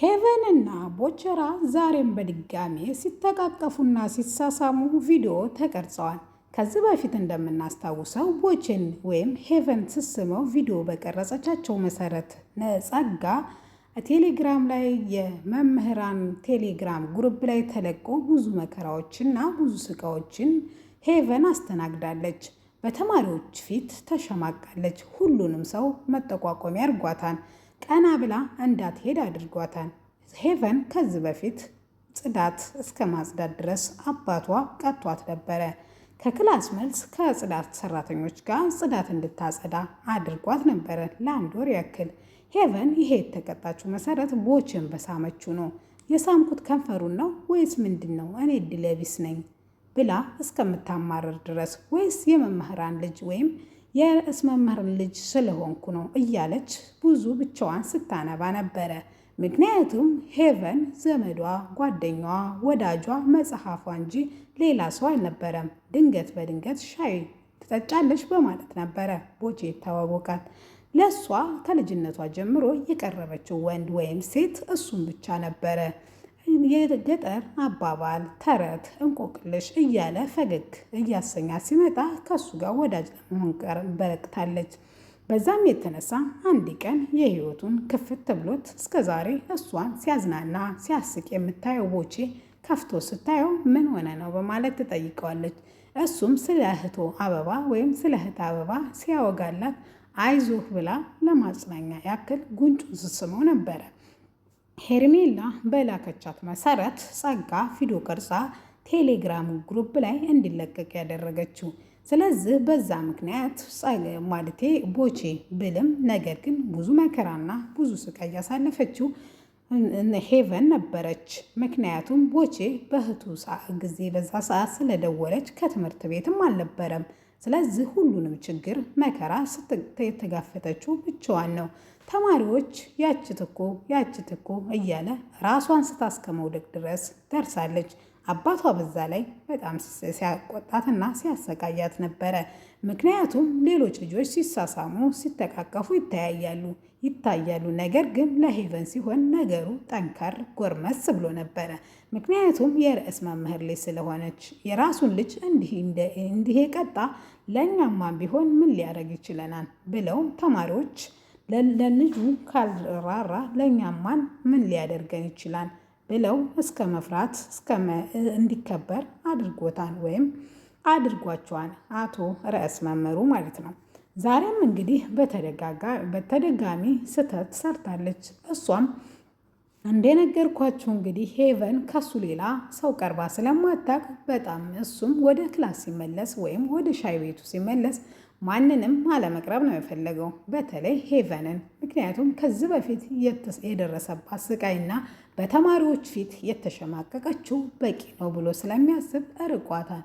ሄቨን እና ቦቸራ ዛሬም በድጋሜ ሲተቃቀፉና ሲሳሳሙ ቪዲዮ ተቀርጸዋል። ከዚህ በፊት እንደምናስታውሰው ቦችን ወይም ሄቨን ስስመው ቪዲዮ በቀረጸቻቸው መሰረት ነጸጋ ቴሌግራም ላይ የመምህራን ቴሌግራም ግሩፕ ላይ ተለቆ ብዙ መከራዎችና ብዙ ስቃዎችን ሄቨን አስተናግዳለች። በተማሪዎች ፊት ተሸማቃለች። ሁሉንም ሰው መጠቋቋሚያ አድርጓታል። ቀና ብላ እንዳትሄድ አድርጓታል። ሄቨን ከዚህ በፊት ጽዳት እስከ ማጽዳት ድረስ አባቷ ቀጥቷት ነበረ። ከክላስ መልስ ከጽዳት ሰራተኞች ጋር ጽዳት እንድታጸዳ አድርጓት ነበረ ለአንድ ወር ያክል። ሄቨን ይሄ የተቀጣችው መሰረት ቦችን በሳመችው ነው። የሳምኩት ከንፈሩን ነው ወይስ ምንድን ነው? እኔ እድለቢስ ነኝ ብላ እስከምታማረር ድረስ ወይስ የመምህራን ልጅ ወይም የእስመመር ልጅ ስለሆንኩ ነው እያለች ብዙ ብቻዋን ስታነባ ነበረ። ምክንያቱም ሄቨን ዘመዷ፣ ጓደኛዋ፣ ወዳጇ መጽሐፏ እንጂ ሌላ ሰው አልነበረም። ድንገት በድንገት ሻይ ትጠጫለች በማለት ነበረ ቦቼ ይታዋወቃል። ለእሷ ከልጅነቷ ጀምሮ የቀረበችው ወንድ ወይም ሴት እሱም ብቻ ነበረ። የገጠር አባባል፣ ተረት፣ እንቆቅልሽ እያለ ፈገግ እያሰኛ ሲመጣ ከሱ ጋር ወዳጅ ለመሆን በረቅታለች። በዛም የተነሳ አንድ ቀን የህይወቱን ክፍት ብሎት እስከዛሬ እሷን ሲያዝናና ሲያስቅ የምታየው ቦቼ ከፍቶ ስታየው ምን ሆነ ነው በማለት ትጠይቀዋለች። እሱም ስለ እህቶ አበባ ወይም ስለ እህት አበባ ሲያወጋላት አይዞህ ብላ ለማጽናኛ ያክል ጉንጩን ስስመው ነበረ። ሄርሜላ በላከቻት መሰረት ጸጋ ቪዲዮ ቅርጻ ቴሌግራም ግሩፕ ላይ እንዲለቀቅ ያደረገችው። ስለዚህ በዛ ምክንያት ማለቴ ቦቼ ብልም ነገር ግን ብዙ መከራና ብዙ ስቃይ ያሳለፈችው ሄቨን ነበረች። ምክንያቱም ቦቼ በእህቱ ጊዜ በዛ ሰዓት ስለደወለች ከትምህርት ቤትም አልነበረም። ስለዚህ ሁሉንም ችግር መከራ ስትተጋፈተችው ብቻዋን ነው። ተማሪዎች ያች ትኩ ያች ትኩ እያለ ራሷን ስታስከ መውደቅ ድረስ ደርሳለች። አባቷ በዛ ላይ በጣም ሲያቆጣትና ሲያሰቃያት ነበረ። ምክንያቱም ሌሎች ልጆች ሲሳሳሙ፣ ሲተቃቀፉ ይተያያሉ ይታያሉ። ነገር ግን ለሄቨን ሲሆን ነገሩ ጠንከር ጎርመስ ብሎ ነበረ። ምክንያቱም የርዕስ መምህር ልጅ ስለሆነች የራሱን ልጅ እንዲህ የቀጣ ለእኛማን ቢሆን ምን ሊያደርግ ይችለናል ብለው ተማሪዎች ለልጁ ካልራራ ለእኛማን ምን ሊያደርገን ይችላል ብለው እስከ መፍራት እንዲከበር አድርጎታል ወይም አድርጓቸዋል። አቶ ርዕስ መምህሩ ማለት ነው። ዛሬም እንግዲህ በተደጋሚ ስህተት ሰርታለች። እሷም እንደነገርኳችሁ እንግዲህ ሄቨን ከሱ ሌላ ሰው ቀርባ ስለማታቅ በጣም እሱም ወደ ክላስ ሲመለስ ወይም ወደ ሻይ ቤቱ ሲመለስ ማንንም አለመቅረብ ነው የፈለገው፣ በተለይ ሄቨንን። ምክንያቱም ከዚህ በፊት የደረሰባት ስቃይና በተማሪዎች ፊት የተሸማቀቀችው በቂ ነው ብሎ ስለሚያስብ እርቋታል።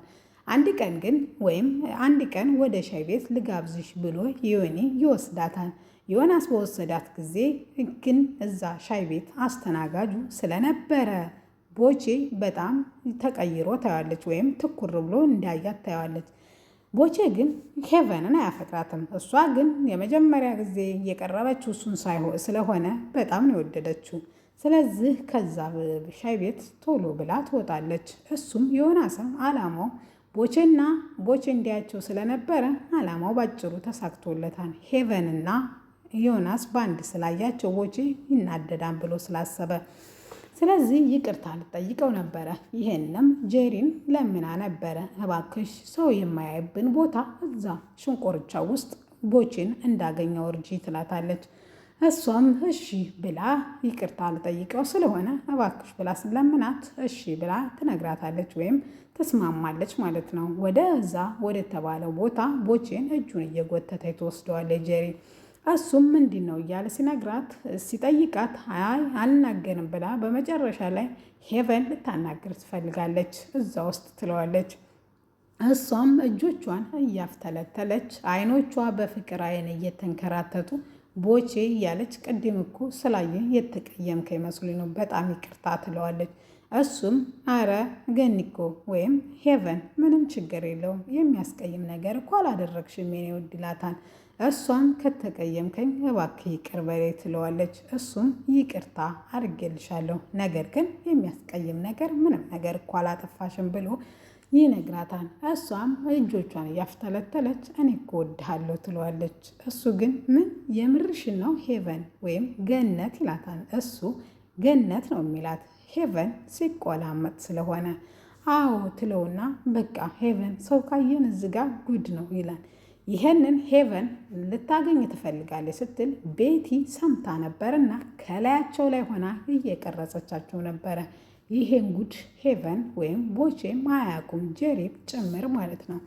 አንድ ቀን ግን ወይም አንድ ቀን ወደ ሻይ ቤት ልጋብዝሽ ብሎ ዮኒ ይወስዳታል። ዮናስ በወሰዳት ጊዜ ግን እዛ ሻይ ቤት አስተናጋጁ ስለነበረ ቦቼ በጣም ተቀይሮ ታያለች፣ ወይም ትኩር ብሎ እንዳያት ታያለች። ቦቼ ግን ሄቨንን አያፈቅራትም። እሷ ግን የመጀመሪያ ጊዜ የቀረበችው እሱን ሳይሆን ስለሆነ በጣም ነው የወደደችው። ስለዚህ ከዛ ሻይ ቤት ቶሎ ብላ ትወጣለች። እሱም ዮናስም አላማው ቦቼና ቦቼ እንዲያቸው ስለነበረ አላማው ባጭሩ ተሳክቶለታል። ሄቨንና ዮናስ በአንድ ስላያቸው ቦቼ ይናደዳን ብሎ ስላሰበ ስለዚህ ይቅርታ ልጠይቀው ነበረ። ይሄንም ጄሪን ለምና ነበረ። እባክሽ ሰው የማያይብን ቦታ እዛ ሽንቆርቻ ውስጥ ቦቼን እንዳገኘው እርጂ ትላታለች። እሷም እሺ ብላ ይቅርታ ልጠይቀው ስለሆነ እባክሽ ብላ ስለምናት እሺ ብላ ትነግራታለች ወይም ትስማማለች ማለት ነው። ወደ እዛ ወደ ተባለው ቦታ ቦቼን እጁን እየጎተተ ትወስደዋለች ጄሪ እሱም ምንድን ነው እያለ ሲነግራት ሲጠይቃት አይ አልናገርም ብላ በመጨረሻ ላይ ሄቨን ልታናገር ትፈልጋለች እዛ ውስጥ ትለዋለች። እሷም እጆቿን እያፍተለተለች አይኖቿ በፍቅር አይን እየተንከራተቱ ቦቼ እያለች ቅድም እኮ ስላየ የተቀየምከ ይመስሉኝ ነው በጣም ይቅርታ ትለዋለች። እሱም አረ ገኒኮ ወይም ሄቨን ምንም ችግር የለውም የሚያስቀይም ነገር እኮ አላደረግሽም የኔ ውድ ይላታል። እሷን ከተቀየምከኝ እባክህ ይቅር በለኝ ትለዋለች። እሱም ይቅርታ አድርጌልሻለሁ፣ ነገር ግን የሚያስቀይም ነገር ምንም ነገር እኮ አላጠፋሽም ብሎ ይነግራታል። እሷም እጆቿን እያፍተለተለች እኔ እኮ ትለዋለች። እሱ ግን ምን የምርሽን ነው ሄቨን ወይም ገነት ይላታል። እሱ ገነት ነው የሚላት ሄቨን ሲቆላመጥ ስለሆነ አዎ ትለውና በቃ ሄቨን ሰው ካየን እዚህ ጉድ ነው ይላል። ይህንን ሄቨን ልታገኝ ትፈልጋለች ስትል ቤቲ ሰምታ ነበርና ከላያቸው ላይ ሆና እየቀረጸቻቸው ነበረ። ይሄን ጉድ ሄቨን ወይም ቦቼ ማያቁም ጀሪብ ጭምር ማለት ነው።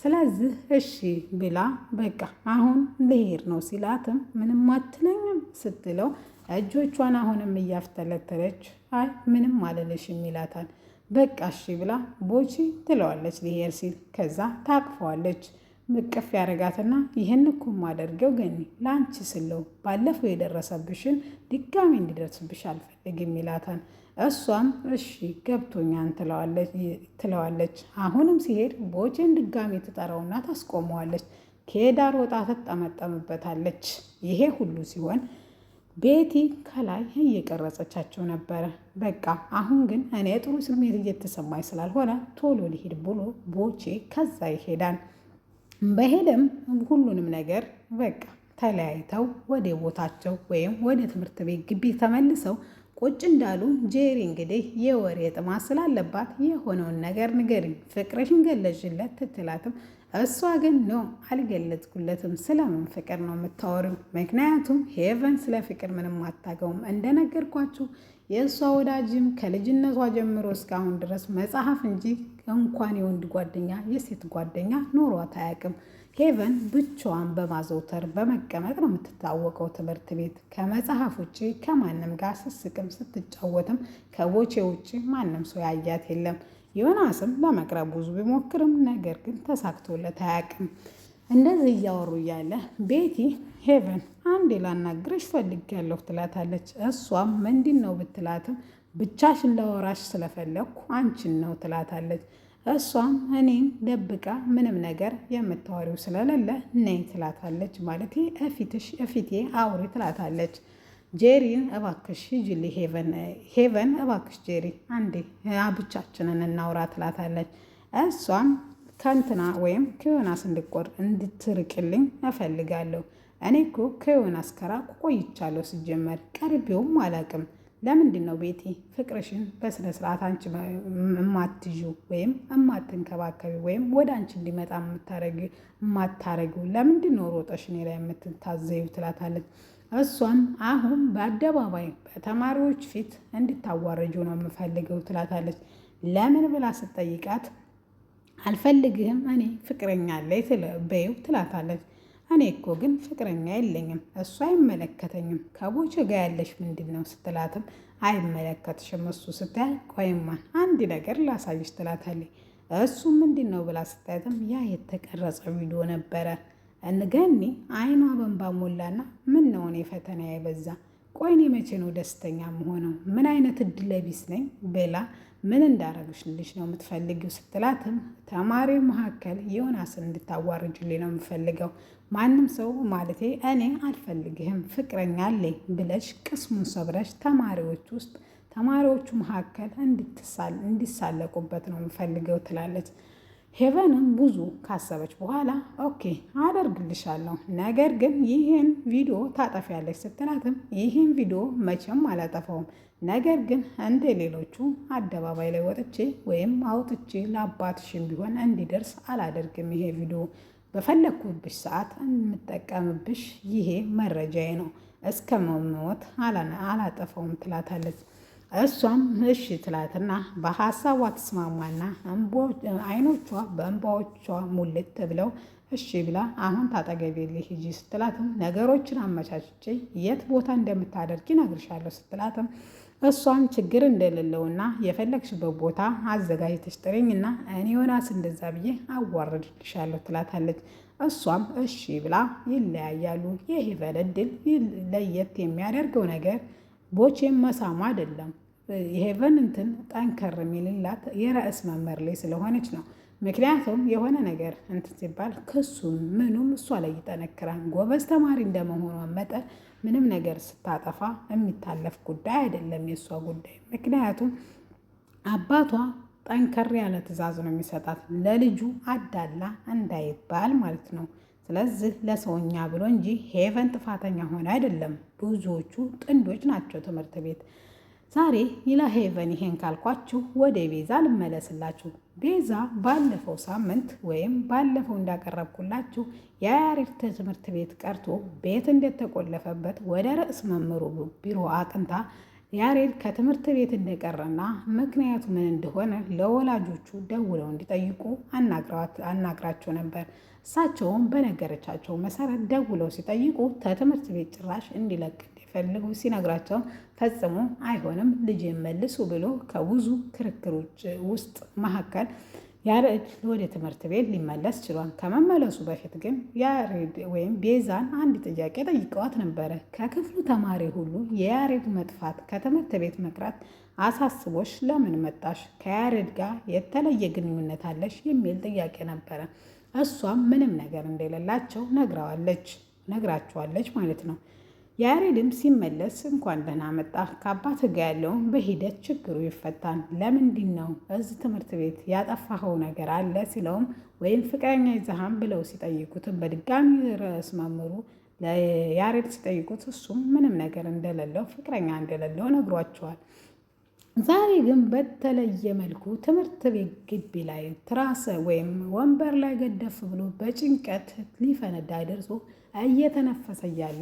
ስለዚህ እሺ ብላ በቃ አሁን ልሄድ ነው ሲላትም ምንም አትለኝም ስትለው እጆቿን አሁንም እያፍተለተለች አይ ምንም አልልሽም ይላታል። በቃ እሺ ብላ ቦቼ ትለዋለች ልሄድ ሲል ከዛ ታቅፈዋለች። ምቅፍ ያደረጋትና ይህን እኮ ማደርገው ገኒ ለአንቺ ስለው ባለፈው የደረሰብሽን ድጋሚ እንዲደርስብሽ አልፈልግም ይላታል። እሷም እሺ ገብቶኛን ትለዋለች። አሁንም ሲሄድ ቦቼን ድጋሚ ትጠራውና ታስቆመዋለች። ከዳር ወጣ ትጠመጠምበታለች። ይሄ ሁሉ ሲሆን ቤቲ ከላይ እየቀረጸቻቸው ነበረ። በቃ አሁን ግን እኔ ጥሩ ስሜት እየተሰማኝ ስላልሆነ ቶሎ ሊሄድ ብሎ ቦቼ ከዛ ይሄዳል። በሄደም ሁሉንም ነገር በቃ ተለያይተው ወደ ቦታቸው ወይም ወደ ትምህርት ቤት ግቢ ተመልሰው ቁጭ እንዳሉ ጄሪ እንግዲህ የወሬ ጥማት ስላለባት የሆነውን ነገር ንገሪኝ፣ ፍቅርሽን ገለጭለት ትትላትም እሷ ግን ነው አልገለጽኩለትም። ስለምን ፍቅር ነው የምታወሪው? ምክንያቱም ሄቨን ስለ ፍቅር ምንም አታገውም። እንደነገርኳችሁ የእሷ ወዳጅም ከልጅነቷ ጀምሮ እስካሁን ድረስ መጽሐፍ እንጂ እንኳን የወንድ ጓደኛ የሴት ጓደኛ ኖሯት አያውቅም። ሄቨን ብቻዋን በማዘውተር በመቀመጥ ነው የምትታወቀው። ትምህርት ቤት ከመጽሐፍ ውጭ ከማንም ጋር ስስቅም ስትጫወትም ከቦቼ ውጭ ማንም ሰው ያያት የለም። ዮናስም ለመቅረብ ብዙ ቢሞክርም ነገር ግን ተሳክቶለት አያውቅም። እንደዚህ እያወሩ እያለ ቤቲ ሄቨን አንዴ ላናግርሽ ያለሁ ትላታለች። እሷም ምንድን ነው ብትላትም ብቻሽን ለወራሽ ስለፈለግኩ አንቺን ነው ትላታለች። እሷም እኔም ደብቃ ምንም ነገር የምታወሪው ስለሌለ ነይ ትላታለች። ማለት እፊትሽ እፊቴ አውሪ ትላታለች። ጄሪን እባክሽ ሂጂል ሄቨን እባክሽ ጄሪ አንዴ ብቻችንን እናውራ ትላታለች። እሷም ከንትና ወይም ከዮናስ እንድቆር እንድትርቅልኝ እፈልጋለሁ። እኔ እኮ ከዮናስ ከራቁ ቆይቻለሁ። ስጀመር ቀርቤውም አላቅም ለምንድን ነው ቤቴ ፍቅርሽን በስነ ስርዓት አንቺ እማትዩ ወይም እማትንከባከቢ ወይም ወደ አንቺ እንዲመጣ የምታረጊ የማታረጊው ለምንድን ነው ሮጠሽ እኔ ላይ የምትታዘዩ? ትላታለች። እሷም አሁን በአደባባይ በተማሪዎች ፊት እንድታዋረጁ ነው የምፈልገው ትላታለች። ለምን ብላ ስትጠይቃት አልፈልግህም እኔ ፍቅረኛ አለኝ በይው ትላታለች። እኔ እኮ ግን ፍቅረኛ የለኝም፣ እሱ አይመለከተኝም። ከቦቼ ጋር ያለሽ ምንድን ነው ስትላትም አይመለከትሽም እሱ ስታይ፣ ቆይማ አንድ ነገር ላሳይሽ ትላታለች። እሱ ምንድን ነው ብላ ስታያትም ያ የተቀረጸ ቪዲዮ ነበረ። እንገኒ አይኗ በንባ ሞላና ምን ነው እኔ ፈተና የበዛ ቆይ እኔ መቼ ነው ደስተኛ መሆነው? ምን አይነት እድለ ቢስ ነኝ? ቤላ ምን ልጅ ነው የምትፈልጊው? ስትላትም ተማሪ መካከል ዮናስን እንድታዋርጅልኝ ነው የምፈልገው። ማንም ሰው ማለቴ እኔ አልፈልግህም፣ ፍቅረኛ አለኝ ብለሽ ቅስሙን ሰብረሽ ተማሪዎች ውስጥ ተማሪዎቹ መካከል እንዲሳለቁበት ነው የምፈልገው ትላለች። ሄቨንም ብዙ ካሰበች በኋላ ኦኬ አደርግልሻለሁ፣ ነገር ግን ይህን ቪዲዮ ታጠፊያለች ስትላትም ይህን ቪዲዮ መቼም አላጠፋውም፣ ነገር ግን እንደ ሌሎቹ አደባባይ ላይ ወጥቼ ወይም አውጥቼ ለአባትሽም ቢሆን እንዲደርስ አላደርግም። ይሄ ቪዲዮ በፈለግኩብሽ ሰዓት የምጠቀምብሽ ይሄ መረጃዬ ነው፣ እስከ መሞት ትላታለች። እሷም እሺ ትላትና በሀሳቧ ትስማማና አይኖቿ በእንባዎቿ ሙልት ተብለው እሺ ብላ አሁን ታጠገቤል ሂጂ ስትላትም ነገሮችን አመቻችቼ የት ቦታ እንደምታደርጊ ነግርሻለሁ ስትላትም እሷም ችግር እንደሌለውና የፈለግሽበት ቦታ አዘጋጅተሽ ጥሪኝና እኔ ዮናስ እንደዛ ብዬ አዋርድልሻለሁ ትላታለች። እሷም እሺ ብላ ይለያያሉ። ይህ በለድል ለየት የሚያደርገው ነገር ቦቼም መሳሙ አይደለም የሄቨን እንትን ጠንከር የሚልላት የራእስ መመር ላይ ስለሆነች ነው። ምክንያቱም የሆነ ነገር እንትን ሲባል ክሱም ምኑም እሷ ላይ ይጠነክራል። ጎበዝ ተማሪ እንደመሆኗ መጠን ምንም ነገር ስታጠፋ የሚታለፍ ጉዳይ አይደለም የእሷ ጉዳይ። ምክንያቱም አባቷ ጠንከር ያለ ትዕዛዝ ነው የሚሰጣት ለልጁ አዳላ እንዳይባል ማለት ነው። ስለዚህ ለሰውኛ ብሎ እንጂ ሄቨን ጥፋተኛ ሆነ አይደለም። ብዙዎቹ ጥንዶች ናቸው ትምህርት ቤት። ዛሬ ይላ ሄቨን ይሄን ካልኳችሁ ወደ ቤዛ ልመለስላችሁ። ቤዛ ባለፈው ሳምንት ወይም ባለፈው እንዳቀረብኩላችሁ የያሬድ ትምህርት ቤት ቀርቶ ቤት እንደተቆለፈበት ወደ ርዕስ መምህሩ ቢሮ አቅንታ ያሬድ ከትምህርት ቤት እንደቀረና ምክንያቱ ምን እንደሆነ ለወላጆቹ ደውለው እንዲጠይቁ አናግራቸው ነበር። እሳቸውም በነገረቻቸው መሰረት ደውለው ሲጠይቁ ከትምህርት ቤት ጭራሽ እንዲለቅ እንዲፈልጉ ሲነግራቸው ፈጽሞ አይሆንም ልጅ መልሱ ብሎ ከብዙ ክርክሮች ውስጥ መካከል ያሬድ ወደ ትምህርት ቤት ሊመለስ ችሏል። ከመመለሱ በፊት ግን ያሬድ ወይም ቤዛን አንድ ጥያቄ ጠይቀዋት ነበረ። ከክፍሉ ተማሪ ሁሉ የያሬድ መጥፋት ከትምህርት ቤት መቅረት አሳስቦሽ ለምን መጣሽ? ከያሬድ ጋር የተለየ ግንኙነት አለሽ? የሚል ጥያቄ ነበረ። እሷም ምንም ነገር እንደሌላቸው ነግራዋለች ነግራችኋለች ማለት ነው። ያሬድም ሲመለስ እንኳን ደህና መጣ ከአባትህ ጋር ያለውን በሂደት ችግሩ ይፈታል። ለምንድን ነው እዚህ ትምህርት ቤት ያጠፋኸው ነገር አለ ሲለውም ወይም ፍቅረኛ ይዘሃም ብለው ሲጠይቁትም በድጋሚ ርዕስ ያሬድ ሲጠይቁት እሱም ምንም ነገር እንደሌለው ፍቅረኛ እንደሌለው ነግሯቸዋል። ዛሬ ግን በተለየ መልኩ ትምህርት ቤት ግቢ ላይ ትራስ ወይም ወንበር ላይ ገደፍ ብሎ በጭንቀት ሊፈነዳ ደርሶ እየተነፈሰ እያለ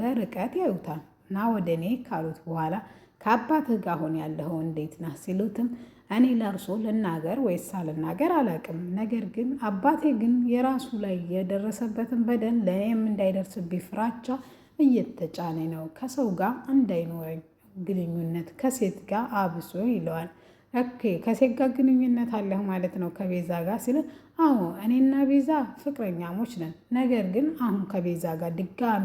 በርቀት ያዩታል እና ወደ እኔ ካሉት በኋላ ከአባትህ ጋር አሁን ያለኸው እንዴት ና ሲሉትም እኔ ለእርሶ ልናገር ወይስ አልናገር አላውቅም። ነገር ግን አባቴ ግን የራሱ ላይ የደረሰበትን በደል ለእኔም እንዳይደርስብኝ ፍራቻ እየተጫነ ነው። ከሰው ጋር እንዳይኖረኝ ግንኙነት ከሴት ጋር አብሶ ይለዋል። ኦኬ ከሴት ጋር ግንኙነት አለህ ማለት ነው ከቤዛ ጋር ሲል፣ አዎ እኔና ቤዛ ፍቅረኛሞች ነን። ነገር ግን አሁን ከቤዛ ጋር ድጋሜ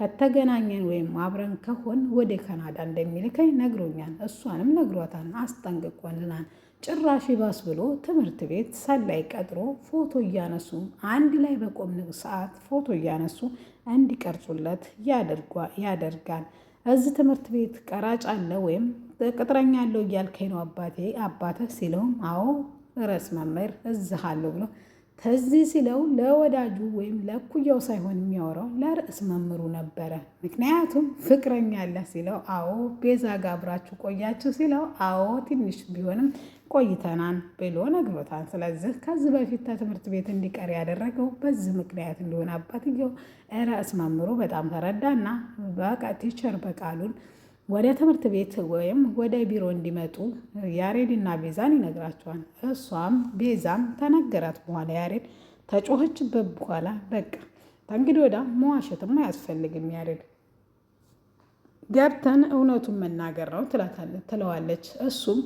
ከተገናኘን ወይም አብረን ከሆን ወደ ካናዳ እንደሚልከኝ ነግሮኛል። እሷንም ነግሯታል፣ አስጠንቅቆልናል። ጭራሽ ባስ ብሎ ትምህርት ቤት ሰላይ ቀጥሮ ፎቶ እያነሱ አንድ ላይ በቆምን ሰዓት ፎቶ እያነሱ እንዲቀርጹለት ያደርጋል። እዚህ ትምህርት ቤት ቀራጭ አለ ወይም ቅጥረኛ አለው እያልከኝ ነው አባቴ አባትህ ሲለውም አዎ ርዕስ መምህር እዚህ አለው ብሎ ተዚህ ሲለው ለወዳጁ ወይም ለኩያው ሳይሆን የሚያወራው ለርዕስ መምህሩ ነበረ። ምክንያቱም ፍቅረኛ አለ ሲለው አዎ፣ ቤዛ ጋር አብራችሁ ቆያችሁ ሲለው አዎ፣ ትንሽ ቢሆንም ቆይተናን ብሎ ነግሮታል። ስለዚህ ከዚህ በፊት ከትምህርት ቤት እንዲቀር ያደረገው በዚህ ምክንያት እንደሆነ አባትየው ርዕስ መምህሩ በጣም ተረዳና በቃ ቲቸር በቃሉን ወደ ትምህርት ቤት ወይም ወደ ቢሮ እንዲመጡ ያሬድና ቤዛን ይነግራቸዋል። እሷም ቤዛም ተነገራት በኋላ ያሬድ ተጮኸችበት በኋላ በቃ ከእንግዲህ ወዳ መዋሸትም አያስፈልግም ያሬድ ገብተን እውነቱን መናገር ነው ትለዋለች። እሱም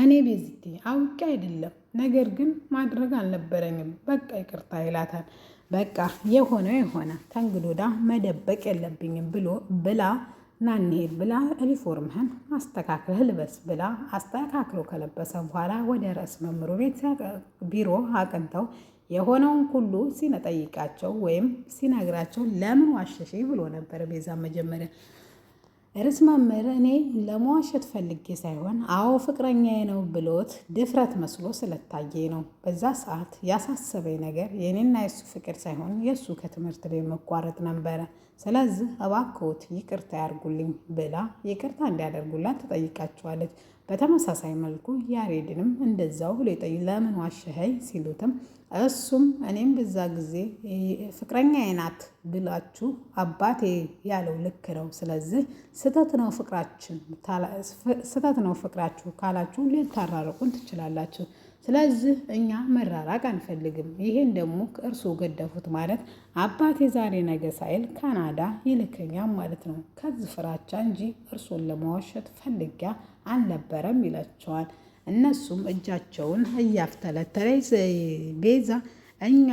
እኔ ቤዝቲ አውቄ አይደለም፣ ነገር ግን ማድረግ አልነበረኝም፣ በቃ ይቅርታ ይላታል። በቃ የሆነ የሆነ ተንግዶዳ መደበቅ የለብኝም ብሎ ብላ ናንሄድ ብላ ሪፎርምህን አስተካክለህ ልበስ ብላ አስተካክሎ ከለበሰ በኋላ ወደ ርዕሰ መምህሩ ቤት ቢሮ አቅንተው የሆነውን ሁሉ ሲነጠይቃቸው ወይም ሲነግራቸው ለምን ዋሸሽ ብሎ ነበር ቤዛ መጀመሪያ ርዕስ መምህር እኔ ለመዋሸት ፈልጌ ሳይሆን አዎ ፍቅረኛዬ ነው ብሎት ድፍረት መስሎ ስለታየ ነው። በዛ ሰዓት ያሳሰበኝ ነገር የእኔና የእሱ ፍቅር ሳይሆን የእሱ ከትምህርት ቤት መቋረጥ ነበረ። ስለዚህ እባክዎት ይቅርታ ያርጉልኝ ብላ ይቅርታ እንዲያደርጉላት ትጠይቃቸዋለች። በተመሳሳይ መልኩ ያሬድንም እንደዛው ለምን ዋሸኸኝ ሲሉትም እሱም እኔም በዛ ጊዜ ፍቅረኛዬ ናት ብላችሁ አባቴ ያለው ልክ ነው፣ ስለዚህ ስህተት ነው ፍቅራችን ስህተት ነው ፍቅራችሁ ካላችሁ ልታራርቁን ትችላላችሁ። ስለዚህ እኛ መራራቅ አንፈልግም። ይሄን ደግሞ እርሶ ገደፉት ማለት አባቴ ዛሬ ነገ ሳይል ካናዳ ይልከኛል ማለት ነው። ከዚህ ፍራቻ እንጂ እርሶን ለማወሸት ፈልጊያ አልነበረም ይላቸዋል። እነሱም እጃቸውን እያፍተለተለ ቤዛ እኛ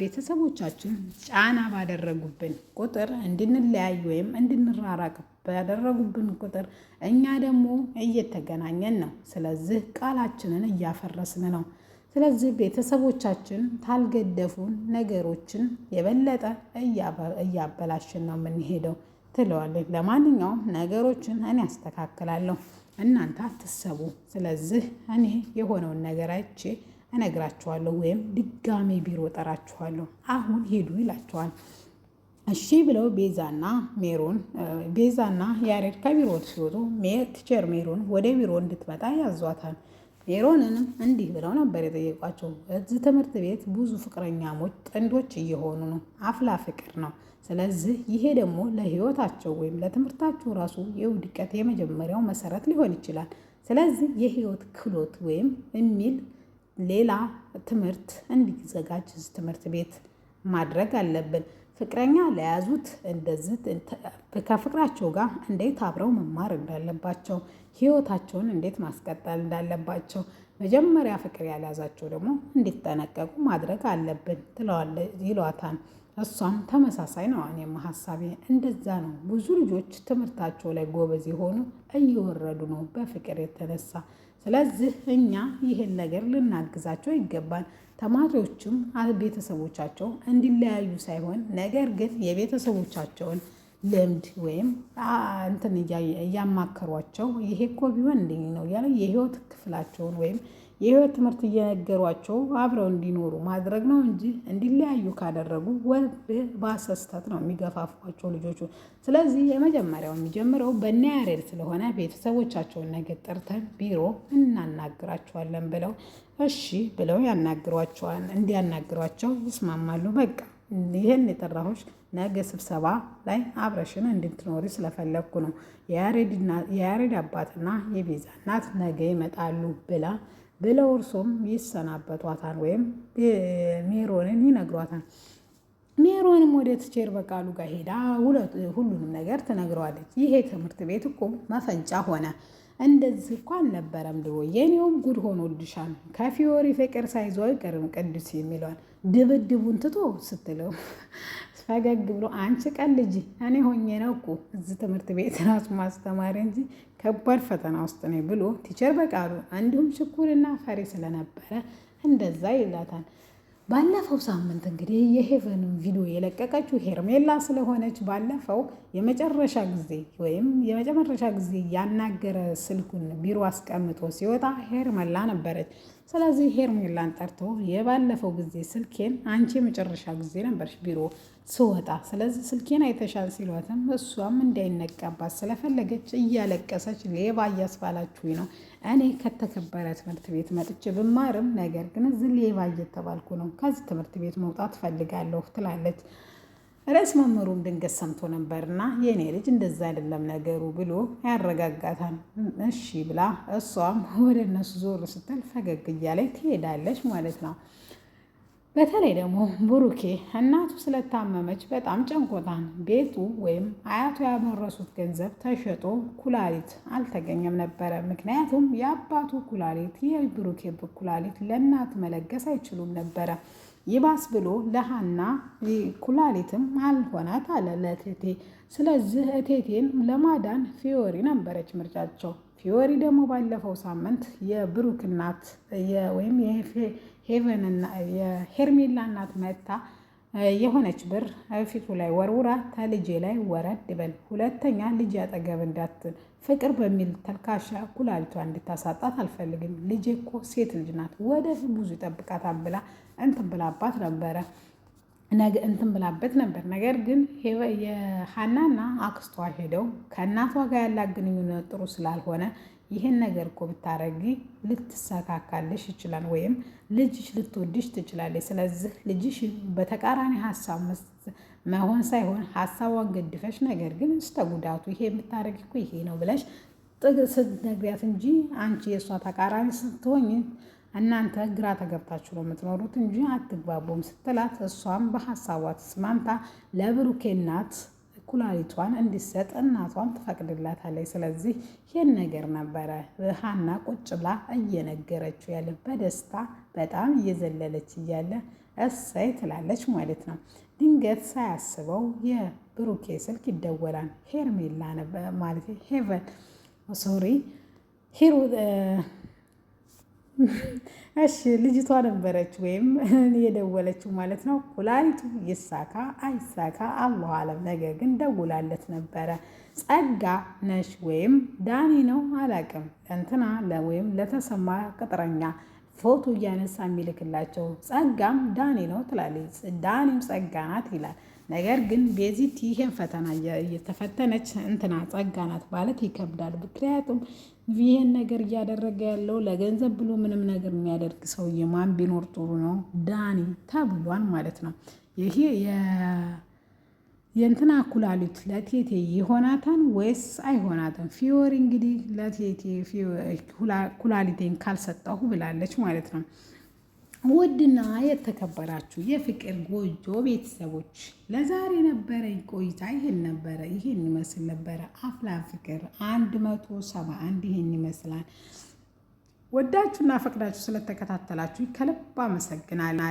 ቤተሰቦቻችን ጫና ባደረጉብን ቁጥር እንድንለያዩ ወይም እንድንራራቅ ባደረጉብን ቁጥር እኛ ደግሞ እየተገናኘን ነው። ስለዚህ ቃላችንን እያፈረስን ነው። ስለዚህ ቤተሰቦቻችን ታልገደፉን ነገሮችን የበለጠ እያበላሽን ነው የምንሄደው። ትለዋለች። ለማንኛውም ነገሮችን እኔ አስተካክላለሁ፣ እናንተ አትሰቡ። ስለዚህ እኔ የሆነውን ነገር አይቼ እነግራችኋለሁ፣ ወይም ድጋሜ ቢሮ ጠራችኋለሁ፣ አሁን ሄዱ ይላቸዋል። እሺ ብለው ቤዛና ሜሮን ቤዛና ያሬድ ከቢሮ ሲወጡ ቲቸር ሜሮን ወደ ቢሮ እንድትመጣ ያዟታል። ሜሮንንም እንዲህ ብለው ነበር የጠየቋቸው። እዚህ ትምህርት ቤት ብዙ ፍቅረኛሞች ጥንዶች እየሆኑ ነው። አፍላ ፍቅር ነው ስለዚህ ይሄ ደግሞ ለህይወታቸው ወይም ለትምህርታቸው ራሱ የውድቀት የመጀመሪያው መሰረት ሊሆን ይችላል። ስለዚህ የህይወት ክህሎት ወይም የሚል ሌላ ትምህርት እንዲዘጋጅ ትምህርት ቤት ማድረግ አለብን። ፍቅረኛ ለያዙት እንደዚህ ከፍቅራቸው ጋር እንዴት አብረው መማር እንዳለባቸው፣ ህይወታቸውን እንዴት ማስቀጠል እንዳለባቸው መጀመሪያ ፍቅር ያልያዛቸው ደግሞ እንዲጠነቀቁ ማድረግ አለብን ይሏታል። እሷም ተመሳሳይ ነው። እኔም ሀሳቤ እንደዛ ነው። ብዙ ልጆች ትምህርታቸው ላይ ጎበዝ የሆኑ እየወረዱ ነው በፍቅር የተነሳ። ስለዚህ እኛ ይህን ነገር ልናግዛቸው ይገባል። ተማሪዎችም ቤተሰቦቻቸው እንዲለያዩ ሳይሆን ነገር ግን የቤተሰቦቻቸውን ልምድ ወይም እንትን እያማከሯቸው ይሄ እኮ ቢሆን እንዲህ ነው እያለ የህይወት ክፍላቸውን ወይም የህይወት ትምህርት እየነገሯቸው አብረው እንዲኖሩ ማድረግ ነው እንጂ እንዲለያዩ ካደረጉ ወደ ባሰ ስህተት ነው የሚገፋፏቸው ልጆቹ። ስለዚህ የመጀመሪያው የሚጀምረው በእነ ያሬድ ስለሆነ ቤተሰቦቻቸውን ነገ ጠርተን ቢሮ እናናግራቸዋለን ብለው እሺ ብለው ያናግሯቸዋል። እንዲያናግሯቸው ይስማማሉ። በቃ ይህን የጠራሁሽ ነገ ስብሰባ ላይ አብረሽን እንድትኖሪ ስለፈለግኩ ነው። የያሬድ አባትና የቤዛ እናት ነገ ይመጣሉ ብላ ብለው እርሱም ይሰናበቷታል ወይም ሜሮንን ይነግሯታል። ሜሮንም ወደ ትቼር በቃሉ ጋር ሄዳ ሁሉንም ነገር ትነግረዋለች። ይሄ ትምህርት ቤት እኮ መፈንጫ ሆነ፣ እንደዚህ እኮ አልነበረም ድሮ፣ የኔውም ጉድ ሆኖልሻል። ከፊዮሪ ፍቅር ሳይዞ አይቀርም ቅዱስ የሚለዋል ድብድቡን ትቶ ስትለው ፈገግ ብሎ አንቺ ቀን ልጅ እኔ ሆኜ ነው እኮ እዚህ ትምህርት ቤት ራሱ ማስተማሪ እንጂ ከባድ ፈተና ውስጥ ነኝ ብሎ ቲቸር በቃሉ እንዲሁም ችኩልና ፈሪ ስለነበረ እንደዛ ይላታል። ባለፈው ሳምንት እንግዲህ የሄቨንን ቪዲዮ የለቀቀችው ሄርሜላ ስለሆነች ባለፈው የመጨረሻ ጊዜ ወይም የመጨረሻ ጊዜ ያናገረ ስልኩን ቢሮ አስቀምጦ ሲወጣ ሄርሜላ ነበረች። ስለዚህ ሄርሜላን ጠርቶ የባለፈው ጊዜ ስልኬን አንቺ የመጨረሻ ጊዜ ነበርሽ ቢሮ ስወጣ፣ ስለዚህ ስልኬን አይተሻል ሲሏትም እሷም እንዳይነቃባት ስለፈለገች እያለቀሰች ሌባ እያስባላችሁኝ ነው እኔ ከተከበረ ትምህርት ቤት መጥቼ ብማርም ነገር ግን እዚህ ሌባ እየተባልኩ ነው፣ ከዚህ ትምህርት ቤት መውጣት ፈልጋለሁ ትላለች። ርዕስ መምህሩም ድንገት ሰምቶ ነበርና የእኔ ልጅ እንደዛ አይደለም ነገሩ ብሎ ያረጋጋታል። እሺ ብላ እሷም ወደ እነሱ ዞር ስትል ፈገግ እያለች ትሄዳለች ማለት ነው። በተለይ ደግሞ ብሩኬ እናቱ ስለታመመች በጣም ጨንቆታን። ቤቱ ወይም አያቱ ያመረሱት ገንዘብ ተሸጦ ኩላሊት አልተገኘም ነበረ። ምክንያቱም የአባቱ ኩላሊት የብሩኬ ኩላሊት ለእናት መለገስ አይችሉም ነበረ። ይባስ ብሎ ለሃና ኩላሊትም አልሆናት አለ ለእቴቴ። ስለዚህ እቴቴን ለማዳን ፊዮሪ ነበረች ምርጫቸው። ፊዮሪ ደግሞ ባለፈው ሳምንት የብሩክ እናት ወይም የሄቨንና የሄርሜላ እናት መታ የሆነች ብር ፊቱ ላይ ወርውራ ተልጄ ላይ ወረድ በል፣ ሁለተኛ ልጅ አጠገብ እንዳትል ፍቅር በሚል ተልካሻ ኩላሊቷ እንድታሳጣት አልፈልግም። ልጅ እኮ ሴት ልጅ ናት፣ ወደፊት ብዙ ይጠብቃታል ብላ እንትን ብላባት ነበረ እንትን ብላበት ነበር። ነገር ግን የሀናና አክስቷ ሄደው ከእናቷ ጋር ያላት ግንኙነት ጥሩ ስላልሆነ ይህን ነገር እኮ ብታረጊ ልትሰካካልሽ ይችላል፣ ወይም ልጅሽ ልትወድሽ ትችላለች። ስለዚህ ልጅሽ በተቃራኒ ሀሳብ መሆን ሳይሆን ሀሳቧን ገድፈሽ፣ ነገር ግን እስተ ጉዳቱ ይሄ የምታረጊ እኮ ይሄ ነው ብለሽ ስትነግሪያት እንጂ አንቺ የእሷ ተቃራኒ ስትሆኝ እናንተ ግራ ተገብታችሁ ነው የምትኖሩት እንጂ አትግባቡም ስትላት እሷም በሀሳቧ ተስማምታ ለብሩኬ እናት ኩላሊቷን እንዲሰጥ እናቷም ትፈቅድላታለች። ስለዚህ ይህን ነገር ነበረ ሀና ቁጭ ብላ እየነገረችው ያለ በደስታ በጣም እየዘለለች እያለ እሰይ ትላለች ማለት ነው። ድንገት ሳያስበው የብሩኬ ስልክ ይደወላል። ሄርሜላ ማለት ሄቨን ሶሪ ሂሩ እሺ ልጅቷ ነበረች ወይም የደወለችው ማለት ነው። ኩላሊቱ ይሳካ አይሳካ አላሁ አለም። ነገር ግን ደውላለት ነበረ። ጸጋ ነሽ ወይም ዳኒ ነው አላቅም እንትና ወይም ለተሰማ ቅጥረኛ ፎቶ እያነሳ የሚልክላቸው ጸጋም ዳኒ ነው ትላለች። ዳኒም ጸጋ ናት ይላል። ነገር ግን ቤዚት ይሄን ፈተና እየተፈተነች እንትና ጸጋ ናት ማለት ይከብዳል። ምክንያቱም ይሄን ነገር እያደረገ ያለው ለገንዘብ ብሎ ምንም ነገር የሚያደርግ ሰውዬ ማን ቢኖር ጥሩ ነው? ዳኒ ተብሏል ማለት ነው። ይሄ የእንትና ኩላሊት ለቴቴ ይሆናታን ወይስ አይሆናትም? ፊዮሪ እንግዲህ ለቴቴ ኩላሊቴን ካልሰጠሁ ብላለች ማለት ነው። ውድና የተከበራችሁ የፍቅር ጎጆ ቤተሰቦች ለዛሬ ነበረኝ ቆይታ ይህን ነበረ ይህን ይመስል ነበረ። አፍላ ፍቅር አንድ መቶ ሰባ አንድ ይህን ይመስላል። ወዳችሁና ፈቅዳችሁ ስለተከታተላችሁ ከልብ አመሰግናለሁ።